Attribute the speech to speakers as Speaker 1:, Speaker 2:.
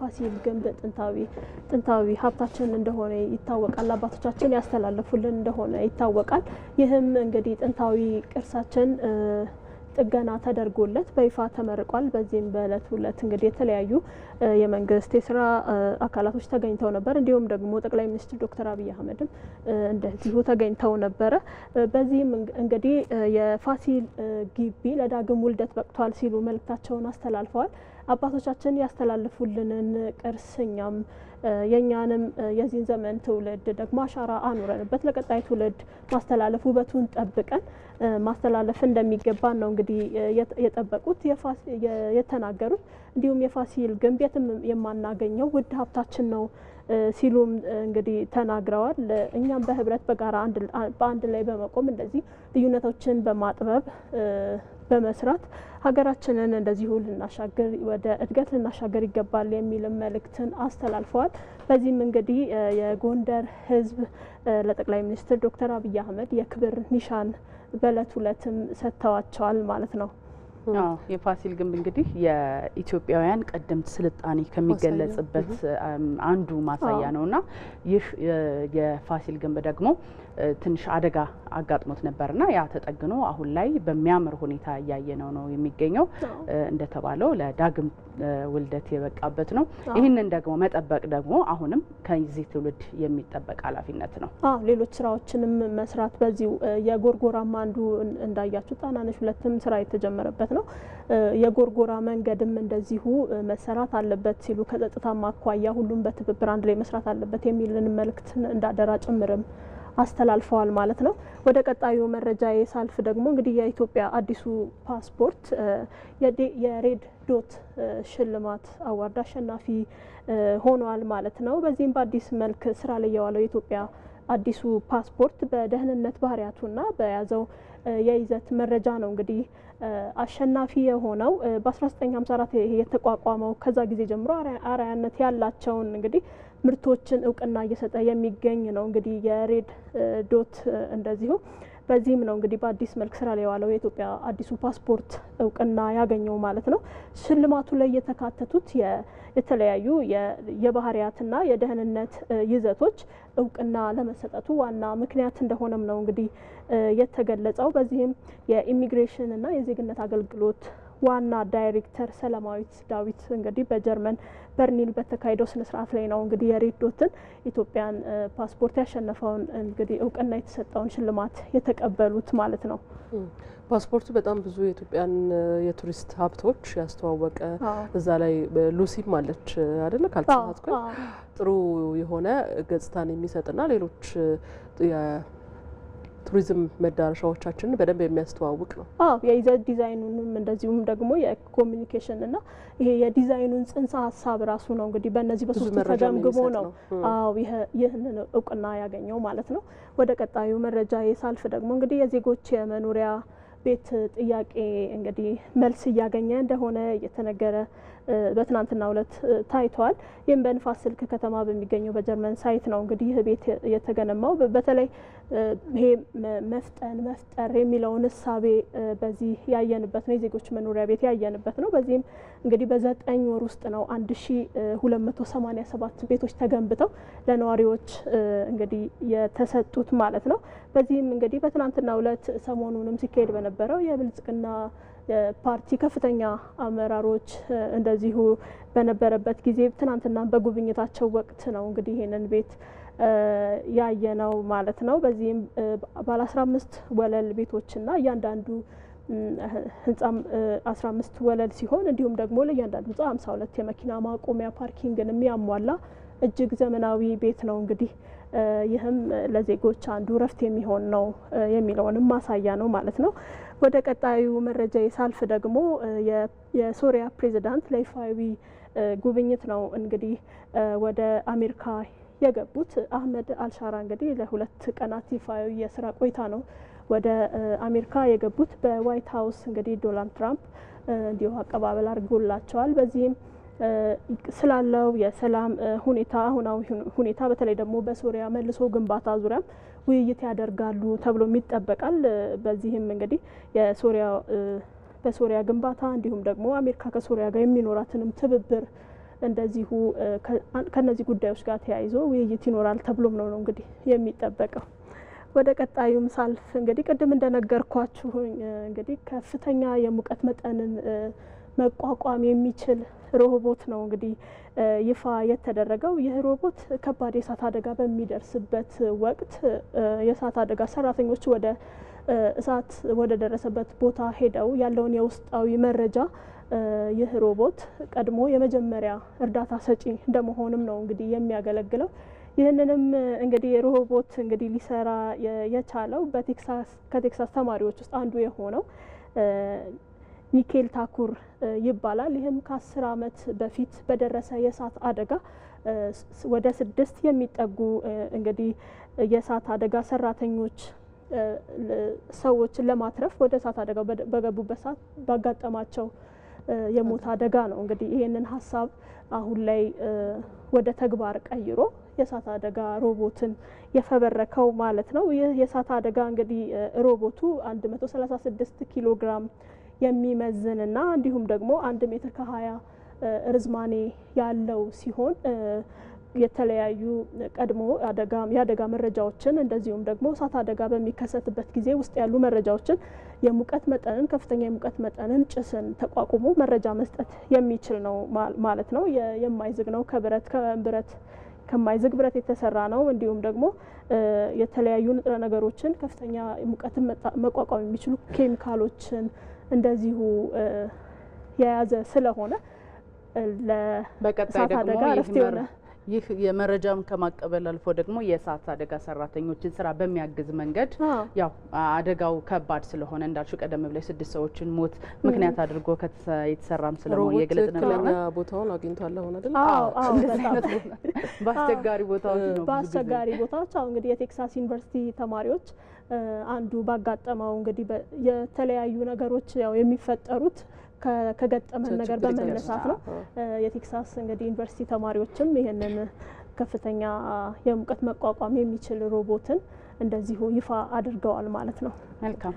Speaker 1: የፋሲል ግንብ ጥንታዊ ጥንታዊ ሀብታችን እንደሆነ ይታወቃል። አባቶቻችን ያስተላለፉልን እንደሆነ ይታወቃል። ይህም እንግዲህ ጥንታዊ ቅርሳችን ጥገና ተደርጎለት በይፋ ተመርቋል። በዚህም በእለት ሁለት እንግዲህ የተለያዩ የመንግስት የስራ አካላቶች ተገኝተው ነበር። እንዲሁም ደግሞ ጠቅላይ ሚኒስትር ዶክተር አብይ አህመድም እንደዚሁ ተገኝተው ነበረ። በዚህም እንግዲህ የፋሲል ግቢ ለዳግም ውልደት በቅቷል ሲሉ መልእክታቸውን አስተላልፈዋል። አባቶቻችን ያስተላልፉልንን ቅርስ እኛም የእኛንም የዚህን ዘመን ትውልድ ደግሞ አሻራ አኑረንበት ለቀጣይ ትውልድ ማስተላለፍ ውበቱን ጠብቀን ማስተላለፍ እንደሚገባ ነው እንግዲህ እንግዲህ የጠበቁት የተናገሩት እንዲሁም የፋሲል ግንብ የትም የማናገኘው ውድ ሀብታችን ነው ሲሉም እንግዲህ ተናግረዋል። እኛም በህብረት በጋራ በአንድ ላይ በመቆም እንደዚህ ልዩነቶችን በማጥበብ በመስራት ሀገራችንን እንደዚሁ ልናሻገር ወደ እድገት ልናሻገር ይገባል የሚልም መልእክትን አስተላልፈዋል። በዚህም እንግዲህ የጎንደር ህዝብ ለጠቅላይ ሚኒስትር ዶክተር አብይ አህመድ የክብር ኒሻን በእለት ሁለትም ሰጥተዋቸዋል ማለት ነው።
Speaker 2: የፋሲል ግንብ እንግዲህ የኢትዮጵያውያን ቀደምት ስልጣኔ ከሚገለጽበት አንዱ ማሳያ ነው እና ይህ የፋሲል ግንብ ደግሞ ትንሽ አደጋ አጋጥሞት ነበር ና ያ ተጠግኖ አሁን ላይ በሚያምር ሁኔታ እያየነው ነው የሚገኘው። እንደተባለው ለዳግም ውልደት የበቃበት ነው። ይህንን ደግሞ መጠበቅ ደግሞ አሁንም ከዚህ ትውልድ የሚጠበቅ ኃላፊነት ነው።
Speaker 1: ሌሎች ስራዎችንም መስራት በዚሁ የጎርጎራማ አንዱ እንዳያችሁ ጣናነሽ ሁለትም ስራ የተጀመረበት ማለት ነው። የጎርጎራ መንገድም እንደዚሁ መሰራት አለበት ሲሉ ከጸጥታ አኳያ ሁሉም በትብብር አንድ ላይ መስራት አለበት የሚልን መልእክት እንዳደራ ጭምርም አስተላልፈዋል ማለት ነው። ወደ ቀጣዩ መረጃ የሳልፍ ደግሞ እንግዲህ የኢትዮጵያ አዲሱ ፓስፖርት የሬድ ዶት ሽልማት አዋርድ አሸናፊ ሆኗል ማለት ነው። በዚህም በአዲስ መልክ ስራ ላይ የዋለው የኢትዮጵያ አዲሱ ፓስፖርት በደህንነት ባህሪያቱና በያዘው የይዘት መረጃ ነው እንግዲህ አሸናፊ የሆነው በ1954 የተቋቋመው ከዛ ጊዜ ጀምሮ አርአያነት ያላቸውን እንግዲህ ምርቶችን እውቅና እየሰጠ የሚገኝ ነው። እንግዲህ የሬድ ዶት እንደዚሁ በዚህም ነው እንግዲህ በአዲስ መልክ ስራ ላይ የዋለው የኢትዮጵያ አዲሱ ፓስፖርት እውቅና ያገኘው ማለት ነው። ሽልማቱ ላይ የተካተቱት የተለያዩ የባህሪያትና የደህንነት ይዘቶች እውቅና ለመሰጠቱ ዋና ምክንያት እንደሆነም ነው እንግዲህ የተገለጸው። በዚህም የኢሚግሬሽንና የዜግነት አገልግሎት ዋና ዳይሬክተር ሰላማዊት ዳዊት እንግዲህ በጀርመን በርሊን በተካሄደው ስነ ስርዓት ላይ ነው እንግዲህ የሬዶትን ኢትዮጵያን ፓስፖርት ያሸነፈውን እንግዲህ እውቅና የተሰጠውን ሽልማት የተቀበሉት ማለት ነው።
Speaker 2: ፓስፖርቱ በጣም ብዙ የኢትዮጵያን የቱሪስት ሀብቶች ያስተዋወቀ እዛ ላይ ሉሲም አለች አደለ ካልተሳሳትኩኝ ጥሩ የሆነ ገጽታን የሚሰጥና ሌሎች ቱሪዝም መዳረሻዎቻችንን በደንብ የሚያስተዋውቅ ነው።
Speaker 1: አዎ የይዘት ዲዛይኑንም እንደዚሁም ደግሞ የኮሚኒኬሽን እና ይሄ የዲዛይኑን ጽንሰ ሀሳብ ራሱ ነው እንግዲህ በእነዚህ በሶስቱ ተገምግሞ ነው። አዎ ይህንን እውቅና ያገኘው ማለት ነው። ወደ ቀጣዩ መረጃ የሳልፍ ደግሞ እንግዲህ የዜጎች የመኖሪያ ቤት ጥያቄ እንግዲህ መልስ እያገኘ እንደሆነ እየተነገረ በትናንትናው ዕለት ታይቷል። ይህም በንፋስ ስልክ ከተማ በሚገኘው በጀርመን ሳይት ነው እንግዲህ ይህ ቤት የተገነማው። በተለይ ይሄ መፍጠን መፍጠር የሚለውን እሳቤ በዚህ ያየንበት ነው፣ የዜጎች መኖሪያ ቤት ያየንበት ነው። በዚህም እንግዲህ በዘጠኝ ወር ውስጥ ነው አንድ ሺ ሁለት መቶ ሰማኒያ ሰባት ቤቶች ተገንብተው ለነዋሪዎች እንግዲህ የተሰጡት ማለት ነው። በዚህም እንግዲህ በትናንትናው ዕለት ሰሞኑንም ሲካሄድ በነበ የነበረው የብልጽግና ፓርቲ ከፍተኛ አመራሮች እንደዚሁ በነበረበት ጊዜ ትናንትና በጉብኝታቸው ወቅት ነው እንግዲህ ይህንን ቤት ያየ ነው ማለት ነው። በዚህም ባለ አስራ አምስት ወለል ቤቶችና እያንዳንዱ ህንጻም አስራ አምስት ወለል ሲሆን እንዲሁም ደግሞ ለእያንዳንዱ ህንጻ ሀምሳ ሁለት የመኪና ማቆሚያ ፓርኪንግን የሚያሟላ እጅግ ዘመናዊ ቤት ነው እንግዲህ ይህም ለዜጎች አንዱ ረፍት የሚሆን ነው የሚለውንም ማሳያ ነው ማለት ነው። ወደ ቀጣዩ መረጃ የሳልፍ ደግሞ የሶሪያ ፕሬዚዳንት ለይፋዊ ጉብኝት ነው እንግዲህ ወደ አሜሪካ የገቡት አህመድ አልሻራ እንግዲህ ለሁለት ቀናት ይፋዊ የስራ ቆይታ ነው ወደ አሜሪካ የገቡት። በዋይት ሀውስ እንግዲህ ዶናልድ ትራምፕ እንዲሁ አቀባበል አድርጎላቸዋል። በዚህም ስላለው የሰላም ሁኔታ አሁናዊ ሁኔታ በተለይ ደግሞ በሶሪያ መልሶ ግንባታ ዙሪያም ውይይት ያደርጋሉ ተብሎ ይጠበቃል። በዚህም እንግዲህ የሶሪያ በሶሪያ ግንባታ እንዲሁም ደግሞ አሜሪካ ከሶሪያ ጋር የሚኖራትንም ትብብር እንደዚሁ ከነዚህ ጉዳዮች ጋር ተያይዞ ውይይት ይኖራል ተብሎም ነው ነው እንግዲህ የሚጠበቀው። ወደ ቀጣዩም ሳልፍ እንግዲህ ቅድም እንደነገርኳችሁ እንግዲህ ከፍተኛ የሙቀት መጠንን መቋቋም የሚችል ሮቦት ነው እንግዲህ ይፋ የተደረገው። ይህ ሮቦት ከባድ የእሳት አደጋ በሚደርስበት ወቅት የእሳት አደጋ ሰራተኞች ወደ እሳት ወደ ደረሰበት ቦታ ሄደው ያለውን የውስጣዊ መረጃ ይህ ሮቦት ቀድሞ የመጀመሪያ እርዳታ ሰጪ እንደመሆንም ነው እንግዲህ የሚያገለግለው። ይህንንም እንግዲህ ሮቦት እንግዲህ ሊሰራ የቻለው በቴክሳስ ከቴክሳስ ተማሪዎች ውስጥ አንዱ የሆነው ሚኬል ታኩር ይባላል። ይህም ከአስር ዓመት በፊት በደረሰ የእሳት አደጋ ወደ ስድስት የሚጠጉ እንግዲህ የእሳት አደጋ ሰራተኞች ሰዎችን ለማትረፍ ወደ እሳት አደጋው በገቡበት ሰዓት ባጋጠማቸው የሞት አደጋ ነው። እንግዲህ ይህንን ሀሳብ አሁን ላይ ወደ ተግባር ቀይሮ የእሳት አደጋ ሮቦትን የፈበረከው ማለት ነው። ይህ የእሳት አደጋ እንግዲህ ሮቦቱ 136 ኪሎ ግራም የሚመዝንና እንዲሁም ደግሞ አንድ ሜትር ከሀያ ርዝማኔ ያለው ሲሆን የተለያዩ ቀድሞ የአደጋ መረጃዎችን እንደዚሁም ደግሞ እሳት አደጋ በሚከሰትበት ጊዜ ውስጥ ያሉ መረጃዎችን የሙቀት መጠንን ከፍተኛ የሙቀት መጠንን ጭስን ተቋቁሞ መረጃ መስጠት የሚችል ነው ማለት ነው። የማይዝግ ነው። ከብረት ከብረት ከማይዝግ ብረት የተሰራ ነው። እንዲሁም ደግሞ የተለያዩ ንጥረ ነገሮችን ከፍተኛ ሙቀትን መቋቋም የሚችሉ ኬሚካሎችን እንደዚሁ የያዘ ስለሆነ ለእሳት አደጋ ረፍት የሆነ
Speaker 2: ይህ የመረጃም ከማቀበል አልፎ ደግሞ የእሳት አደጋ ሰራተኞችን ስራ በሚያግዝ መንገድ ያው አደጋው ከባድ ስለሆነ እንዳልሹ ቀደም ብላይ ስድስት ሰዎችን ሞት ምክንያት አድርጎ የተሰራም ስለሆነ የግለጽ ነውና ቦታውን አግኝቷል። አሁን
Speaker 1: አይደል?
Speaker 2: በአስቸጋሪ ቦታዎች ነው።
Speaker 1: በአስቸጋሪ ቦታዎች አሁን እንግዲህ የቴክሳስ ዩኒቨርሲቲ ተማሪዎች አንዱ ባጋጠመው እንግዲህ የተለያዩ ነገሮች ያው የሚፈጠሩት ከገጠመን ነገር በመነሳት ነው። የቴክሳስ እንግዲህ ዩኒቨርሲቲ ተማሪዎችም ይህንን ከፍተኛ የሙቀት መቋቋም የሚችል ሮቦትን እንደዚሁ ይፋ አድርገዋል ማለት ነው። መልካም